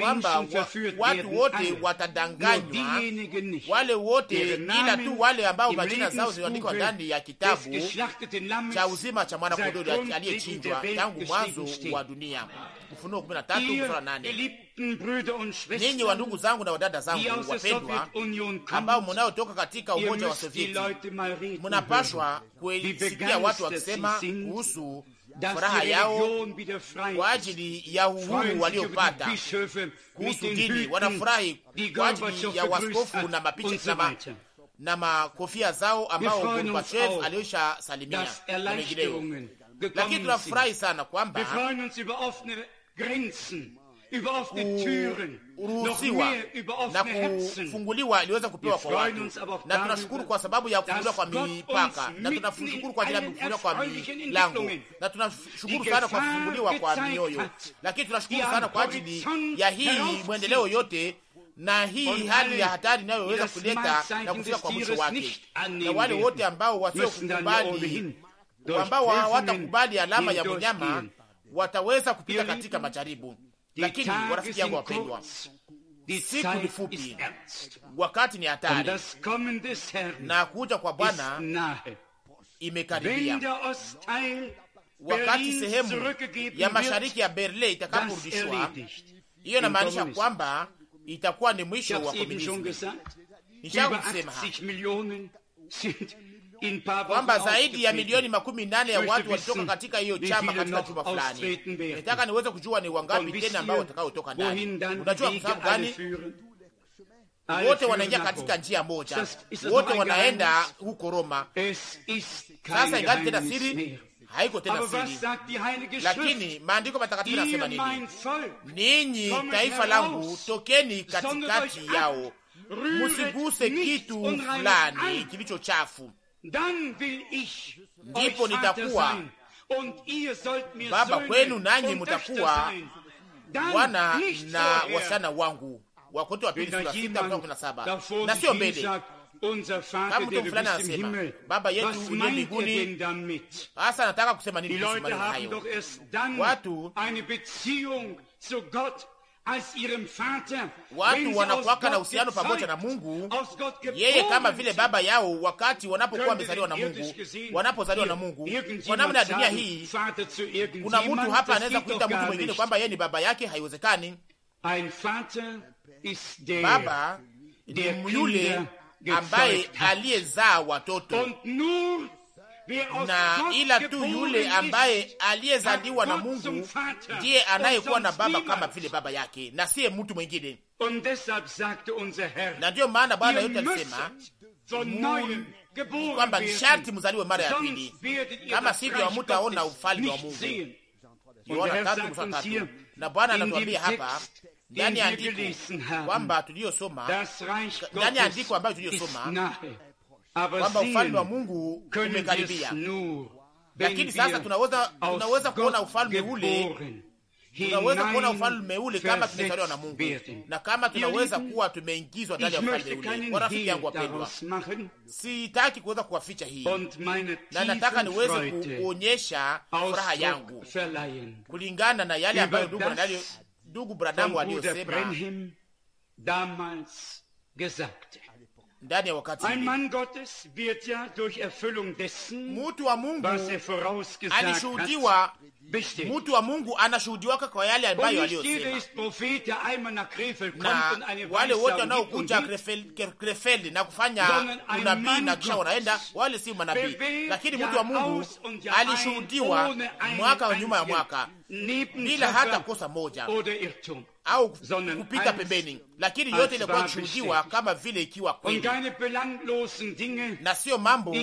Speaker 1: kwamba wa, watu wote watadanganywa, wale wote, ila tu wale ambao majina zao ziandikwa ndani ya kitabu cha uzima cha mwana kondoo aliyechinjwa tangu mwanzo wa dunia. Ufunuo 13:8. Ninyi wa ndugu zangu na wadada zangu wapendwa, ambao munayotoka katika umoja wa Sovieti,
Speaker 3: munapashwa kusikia watu wakisema
Speaker 1: kuhusu furaha yao kwa ajili ya uhuru waliopata kuhusu dini. Wanafurahi kwa ajili ya waskofu na mapicha na makofia zao ambao Gorbachev aliisha salimia na wengineo, lakini tunafurahi sana kwamba Grenzen, über offene Türen, kuruhusiwa na kufunguliwa iliweza kupewa kwa watu, na tunashukuru kwa sababu ya kufunguliwa kwa mipaka, na tunashukuru kwa ajili ya kufunguliwa kwa milango, na tunashukuru sana kwa kufunguliwa kwa mioyo, lakini tunashukuru sana kwa ajili ya hii mwendeleo yote na hii hali ya hatari inayoweza kuleta na kufika kwa mwisho wake, na wale wote ambao wasiokubali ambao hawatakubali alama ya mnyama wataweza kupita katika majaribu, lakini warafiki yangu wapendwa, siku ni fupi, wakati ni hatari, na kuja kwa Bwana imekaribia. Wakati sehemu ya mashariki ya Berlin itakaporudishwa, hiyo inamaanisha kwamba itakuwa ni mwisho wa komunisti. Nishakusema kwamba zaidi ya milioni makumi nane ya watu walitoka katika hiyo chama katika chumba fulani. Nataka niweze kujua ni wangapi tena ambao watakaotoka ndani. Unajua kwa sababu gani? Wote wanaingia katika njia moja, wote wanaenda huko Roma. Sasa ingali tena siri haiko tena siri,
Speaker 3: lakini maandiko matakatifu yanasema nini? Ninyi taifa langu,
Speaker 1: tokeni katikati yao, musiguse kitu fulani kilicho chafu ndipo nitakuwa
Speaker 3: baba kwenu nanyi mutakuwa
Speaker 1: wana na wasichana wangu. Wakorintho wa pili sura sita mstari kumi na saba na sio mbele kama mtu fulani anasema baba yetu uliye mbinguni. Hasa nataka kusema nini kuhusu hayo? Watu Watu wanakwaka na uhusiano pamoja na Mungu, yeye kama vile baba yao, wakati wanapokuwa wamezaliwa na Mungu, wanapozaliwa na Mungu. Kwa namna ya dunia hii,
Speaker 3: kuna mtu hapa anaweza kuita mtu mwingine
Speaker 1: kwamba yeye ni baba yake? Haiwezekani. Baba ni yule ambaye aliyezaa watoto na ila tu yule ambaye aliyezaliwa na Mungu
Speaker 2: ndiye anayekuwa na baba kama
Speaker 1: vile baba yake, na siye mtu mwingine. Na ndiyo maana Bwana yote alisema kwamba sharti mzaliwe mara ya pili, kama sivyo hamutaona ufalme wa Mungu. Yohana tatu Na Bwana anatuambia hapa ndani ya andiko kwamba tuliyosoma, ndani ya andiko ambayo tuliyosoma kwamba ufalme wa Mungu umekaribia.
Speaker 2: Lakini sasa tunaweza tunaweza kuona
Speaker 1: ufalme ule, tunaweza kuona ufalme ule kama tumetolewa na Mungu na kama tunaweza kuwa tumeingizwa ndani ya ufalme ule. Kwa rafiki yangu wapendwa, sitaki kuweza kuwaficha hii, na nataka niweze kuonyesha furaha yangu kulingana na yale ambayo ndugu ndugu Bradamu aliyosema ndani ya wakati. Mtu wa Mungu alishuhudiwa, er mtu wa Mungu anashuhudiwa kwa yale ambayo aliyosema, na wale wote wanaokuja Krefeld na kufanya unabii na kisha wanaenda wale si manabii, lakini mtu wa Mungu alishuhudiwa mwaka wa nyuma ya mwaka bila hata kosa moja au kupita pembeni, lakini yote ilikuwa kushuhudiwa kama vile ikiwa kweli, na sio mambo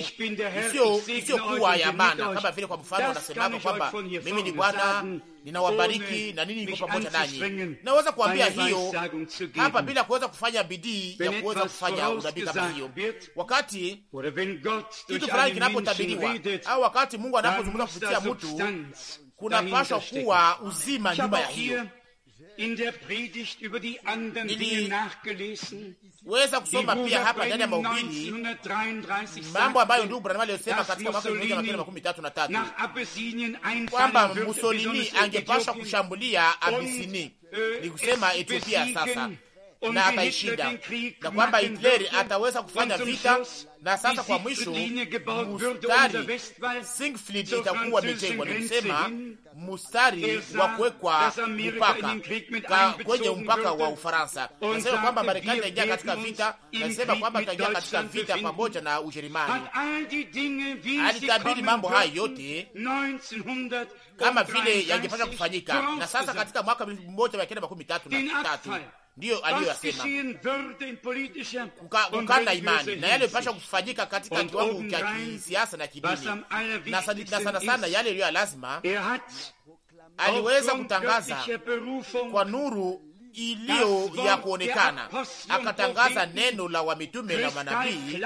Speaker 1: isiyokuwa ya maana, kama vile kwa mfano nasemaka kwamba mimi ni Bwana, ninawabariki na nini, niko pamoja nanyi. Naweza kuambia hiyo hapa bila kuweza kufanya bidii ya kuweza kufanya unabii kama hiyo. Wakati kitu fulani kinapotabiriwa au wakati Mungu anapozungumza kupitia mtu, kunapaswa kuwa uzima nyuma ya hiyo
Speaker 3: niliweza
Speaker 1: kusoma pia hapa ndani ya maubili mambo ambayo ndugu Branham aliyosema katika mwaka elfu moja mia makumi tatu na tatu kwamba Mussolini angepasha kushambulia Abisini, äh, ni kusema Ethiopia sasa na ataishinda, na kwamba Hitleri ataweza kufanya vita, na sasa kwa mwisho mustari Singfrid itakuwa imejengwa. nikusema mustari wa kuwekwa mpaka kwenye mpaka wa Ufaransa. Nasema kwamba Marekani itaingia katika vita, nasema kwamba itaingia katika vita pamoja na Ujerumani. Alitabiri mambo haya yote kama vile yangepasha kufanyika, na sasa katika mwaka elfu moja mia kenda makumi tatu na tatu ndiyo aliyoyasema kukana imani na yale yapasha kufanyika katika kiwango cha kisiasa na kidini, na sana sana yale iliyo lazima.
Speaker 2: Aliweza kutangaza
Speaker 1: kwa nuru iliyo ya kuonekana, akatangaza neno la wamitume na manabii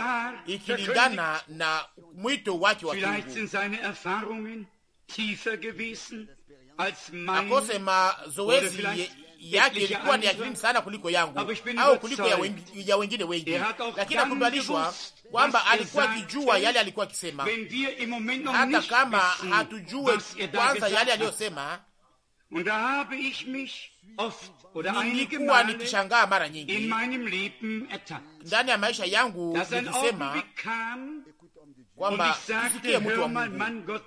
Speaker 1: ikilingana na mwito wake wa kiungu akose mazoezi yake ilikuwa ni yakilimu sana kuliko yangu au kuliko ya wengine wengi, lakini akubalishwa kwamba alikuwa akijua yale alikuwa akisema, hata kama hatujue kwanza yale aliyosema. Nilikuwa nikishangaa mara nyingi
Speaker 3: ndani ya maisha yangu nikisema kwamba sikie mtu wa Mungu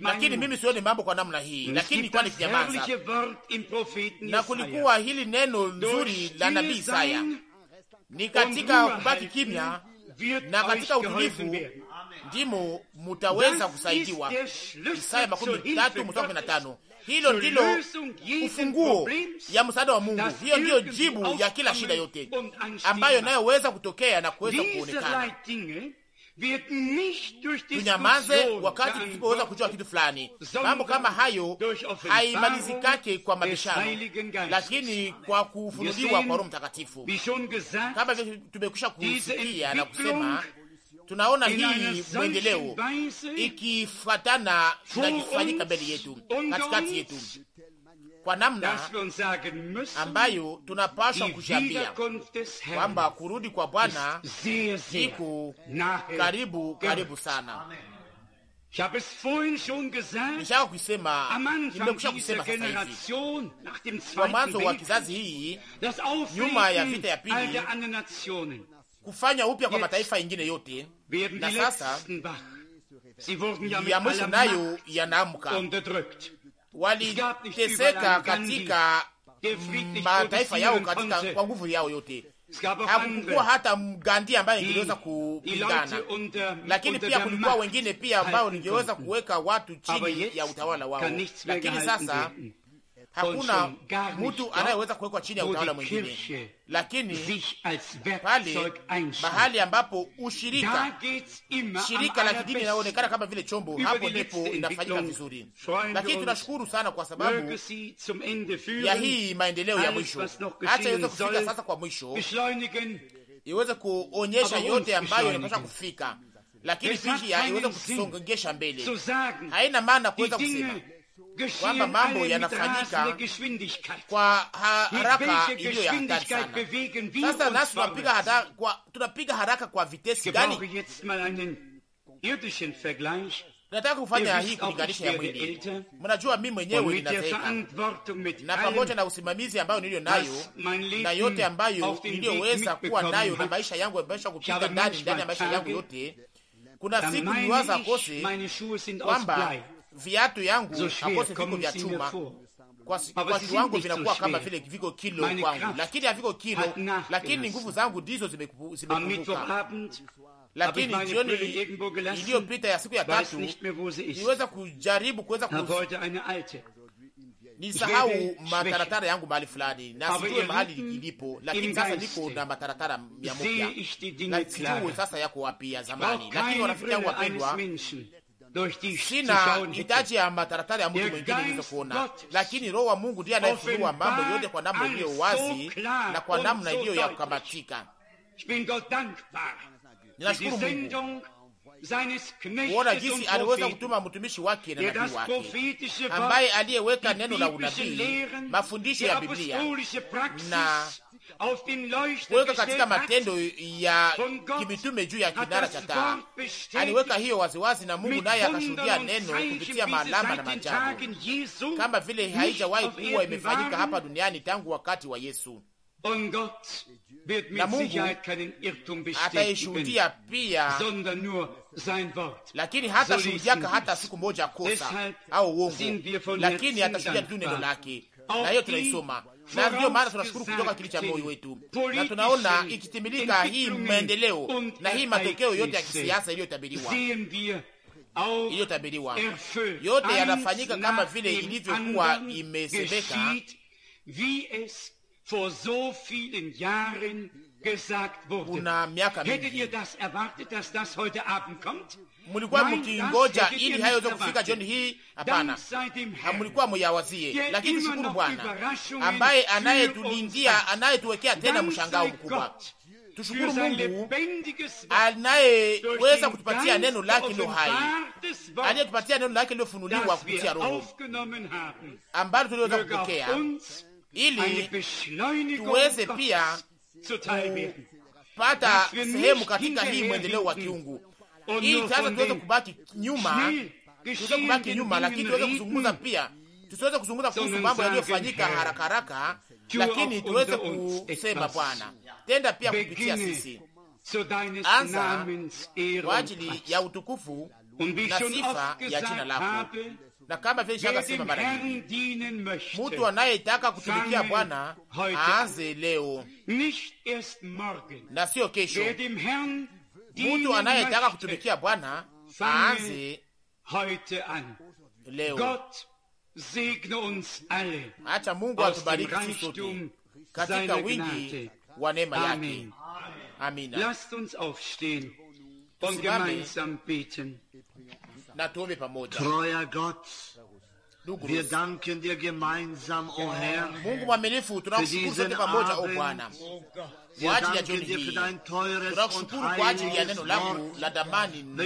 Speaker 1: lakini mimi sioni mambo kwa namna hii, lakini kwani nikinyamaza. Na kulikuwa hili neno nzuri la nabii Isaya, ni katika kubaki kimya na katika utulivu ndimo mutaweza kusaidiwa. Isaya makumi tatu mstari kumi na tano. Hilo ndilo ufunguo ya msaada wa Mungu. Hiyo ndiyo jibu ya kila shida yote ambayo inayoweza kutokea na kuweza kuonekana tunyamaze wakati tusipoweza kujua kitu fulani. Mambo kama hayo haimalizikake kwa mabishano, lakini kwa kufunuliwa kwa Roho Mtakatifu. Kama vile tumekwisha kusikia na kusema, tunaona hii mwendeleo ikifuatana na mbele yetu, katikati yetu kwa namna ambayo tunapashwa kushambia kwamba kurudi kwa Bwana iko karibu karibu sana. Nishaka kuisema, nimekusha kusema sasa hivi kwa mwanzo wa kizazi hii, nyuma ya vita ya pili, kufanya upya kwa mataifa ingine yote, na sasa ya mwisho nayo yanaamka waliteseka katika mataifa yao katika kwa nguvu yao yote. Hakukuwa hata Gandhi ambaye ingeweza kupigana, lakini pia kulikuwa wengine pia ambao ningeweza kuweka watu chini ya utawala wao, lakini sasa
Speaker 2: hakuna mtu anayeweza kuwekwa chini ya utawala mwingine, lakini pale mahali ambapo ushirika shirika la kidini inaonekana
Speaker 1: kama vile chombo, hapo ndipo inafanyika vizuri. Lakini tunashukuru sana kwa sababu ya hii maendeleo ya mwisho, hata iweze kufika sasa kwa mwisho, iweze kuonyesha yote ambayo inapasha kufika, lakini pia iweze kutusongesha mbele. Haina maana kuweza kusema kwamba mambo yanafanyika kwa haraka iliyo ya hatari sana. Sasa nasi tunapiga haraka kwa, tunapiga haraka kwa vitesi gani? Nataka er kufanya hii kulinganisha ya mwili. Mnajua mimi mwenyewe ninazeeka, na pamoja na usimamizi ambayo niliyo nayo na yote ambayo niliyoweza kuwa nayo na maisha yangu yamesha kupiga ndani ndani ya maisha yangu yote, kuna siku niwaza kose kwamba viatu yangu akose viko vya chuma kwa, kwasu wangu vinakuwa kama vile viko kilo kwangu, lakini haviko kilo, lakini nguvu zangu ndizo zimepunguka. Lakini jioni iliyopita ya siku ya tatu niweza kujaribu kuweza nisahau mataratara yangu mahali fulani na sijue mahali ilipo, lakini sasa niko na mataratara ya mpya, sijue sasa yako wapi ya zamani. Lakini rafiki yangu wapendwa sina hitaji ya mataratara ya mtu mwingine niweze kuona, lakini Roho wa Mungu ndiye anayefunua mambo yote kwa namna iliyo wazi na kwa namna iliyo ya kukamatika. Ninashukuru Mungu kuona jinsi aliweza kutuma mtumishi wake na nabii wake ambaye aliyeweka neno la unabii, mafundisho ya Biblia na
Speaker 3: kuweka katika matendo
Speaker 1: ya kimitume juu ya kinara cha taa. Aliweka hiyo waziwazi, na Mungu naye akashuhudia neno kupitia maalama na majabu kama vile haijawahi kuwa imefanyika hapa duniani tangu wakati wa Yesu na Mungu ataishuhudia pia, lakini hata shuhudiaka hata siku moja kosa au uongo, lakini atashuhudia tu neno lake, na hiyo tunaisoma na ndiyo maana tunashukuru kutoka kili cha moyo wetu, na tunaona ikitimilika hii maendeleo na hii matokeo yote ya kisiasa iliyotabiriwa iliyotabiriwa, yote yanafanyika kama vile ilivyokuwa imesemeka So kuna miaka mingi mulikuwa mukingoja ili hayo weze kufika jioni hii? Hapana, hamulikuwa muyawazie. Lakini shukuru Bwana ambaye anayetulindia, anayetuwekea tena mshangao mkubwa. Tushukuru Mungu anayeweza kutupatia neno lake lilo hai, aliyetupatia neno lake lilofunuliwa kupitia Roho ambalo tuliweza kupokea ili tuweze pia kupata sehemu katika hii mwendeleo wa kiungu,
Speaker 2: ili sasa tuweze
Speaker 1: kubaki nyuma, tuweze kubaki nyuma, lakini tuweze kuzungumza pia tusiweze kuzungumza kuhusu mambo yaliyofanyika haraka haraka, lakini tuweze kusema Bwana, tenda pia kupitia sisi, anza kwa ajili ya utukufu na sifa ya jina lako na kama vile shaka sema mara nyingi, mtu anayetaka kutumikia Bwana aanze leo na sio kesho. Mtu anayetaka kutumikia Bwana aanze leo. Acha Mungu atubariki sisi sote katika wingi wa neema yake. Amina. Na tuombe pamoja. Ndugu, Mungu mwaminifu, tunakushukuru sote pamoja, o Bwana, kwa ajili ya jioni hii. Tunakushukuru kwa ajili ya neno lako la damani na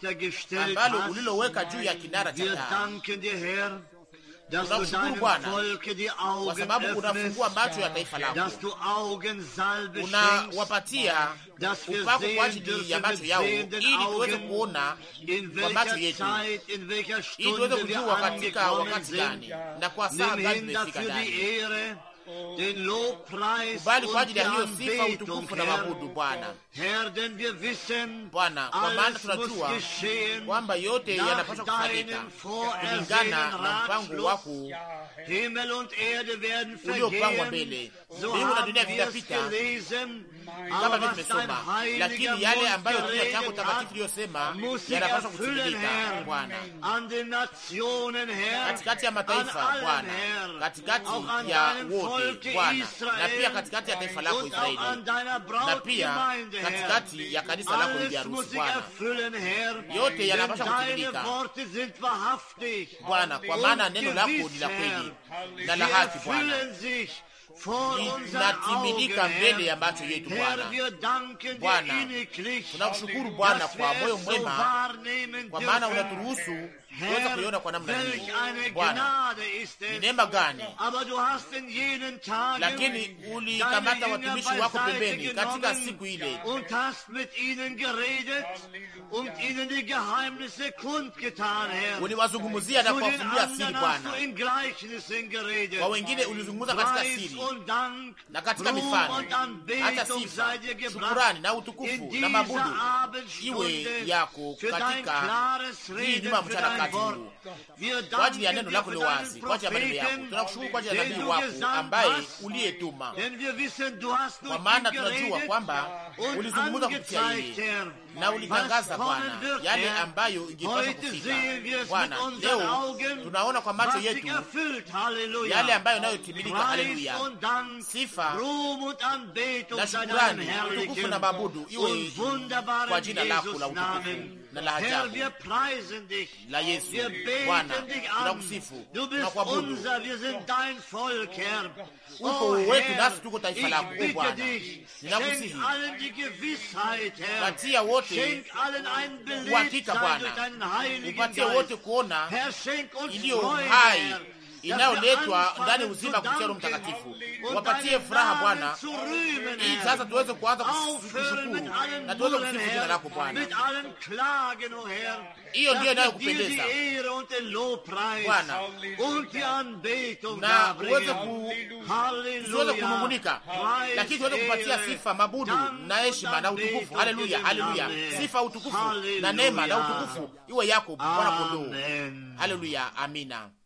Speaker 3: takatifu ambalo uliloweka juu ya kinara cha taa. Tunakushukuru Bwana kwa sababu unafungua macho ya taifa lako, unawapatia upako kwa ajili ya macho yao, ili tuweze kuona
Speaker 1: kwa macho yetu, ili tuweze kujua katika wakati gani na kwa saa gani tumefika ndani kubali kwa ajili ya hiyo sifa, utukufu na mabudu Bwana. Bwana, kwa maana tunajua kwamba yote yanapaswa kufanyika kulingana na mpango wako
Speaker 3: uliopangwa mbele. Mbingu na dunia vitapita
Speaker 2: kama vile tumesoma, lakini yale ambayo nia chako takatifu
Speaker 1: iliyosema yanapaswa kutimilika Bwana, katikati ya mataifa Bwana, katikati ya wote Bwana, na pia katikati ya taifa lako Israeli, na pia katikati ya kanisa lako bibi harusi Bwana,
Speaker 3: yote yanapaswa kutimilika Bwana, kwa maana neno lako ni la kweli na la haki Bwana linatimilika mbele ya macho yetu. Bwana, Bwana,
Speaker 1: tunakushukuru Bwana kwa moyo mwema, kwa maana unaturuhusu tuweza kuiona kwa namna hii. Bwana, ni neema gani!
Speaker 3: Lakini ulikamata watumishi wako pembeni katika siku ile uliwazungumzia na kuwafunulia siri Bwana. Kwa wengine ulizungumza katika siri na katika mifano, hata sifa, shukurani na utukufu na mabudu iwe yako katika hii nyuma mchana wakati huu, kwa ajili ya neno lako lilo wazi, kwa ajili ya maneno yako. Tunakushukuru kwa ajili ya nabii wako ambaye
Speaker 1: uliyetuma, kwa maana tunajua kwamba ulizungumza kupitia yeye na ulitangaza Bwana yale ambayo ingepaswa kufika. Bwana, leo tunaona kwa macho yetu yale ambayo inayotimilika. Haleluya,
Speaker 3: sifa na shukurani, utukufu na mabudu iwe kwa jina lako la utukufu na la ajabu la Yesu. Bwana, tunakusifu na kuabudu uko oh, wetu, nasi tuko taifa lako. O oh, Bwana, ninakusihi patia wote uhakika Bwana, upatie wote
Speaker 1: kuona iliyo hai inayoletwa ndani uzima kupitia Roho Mtakatifu. Wapatie furaha Bwana, ili sasa tuweze kuanza kushukuru na tuweze kusifu jina lako Bwana.
Speaker 3: Hiyo ndiyo inayokupendeza Bwana,
Speaker 1: na uweze tuweze kunungunika, lakini tuweze kupatia sifa, mabudu na heshima na utukufu. Haleluya, haleluya! Sifa, utukufu na neema na utukufu
Speaker 2: iwe yako Bwana Kondoo. Haleluya, amina.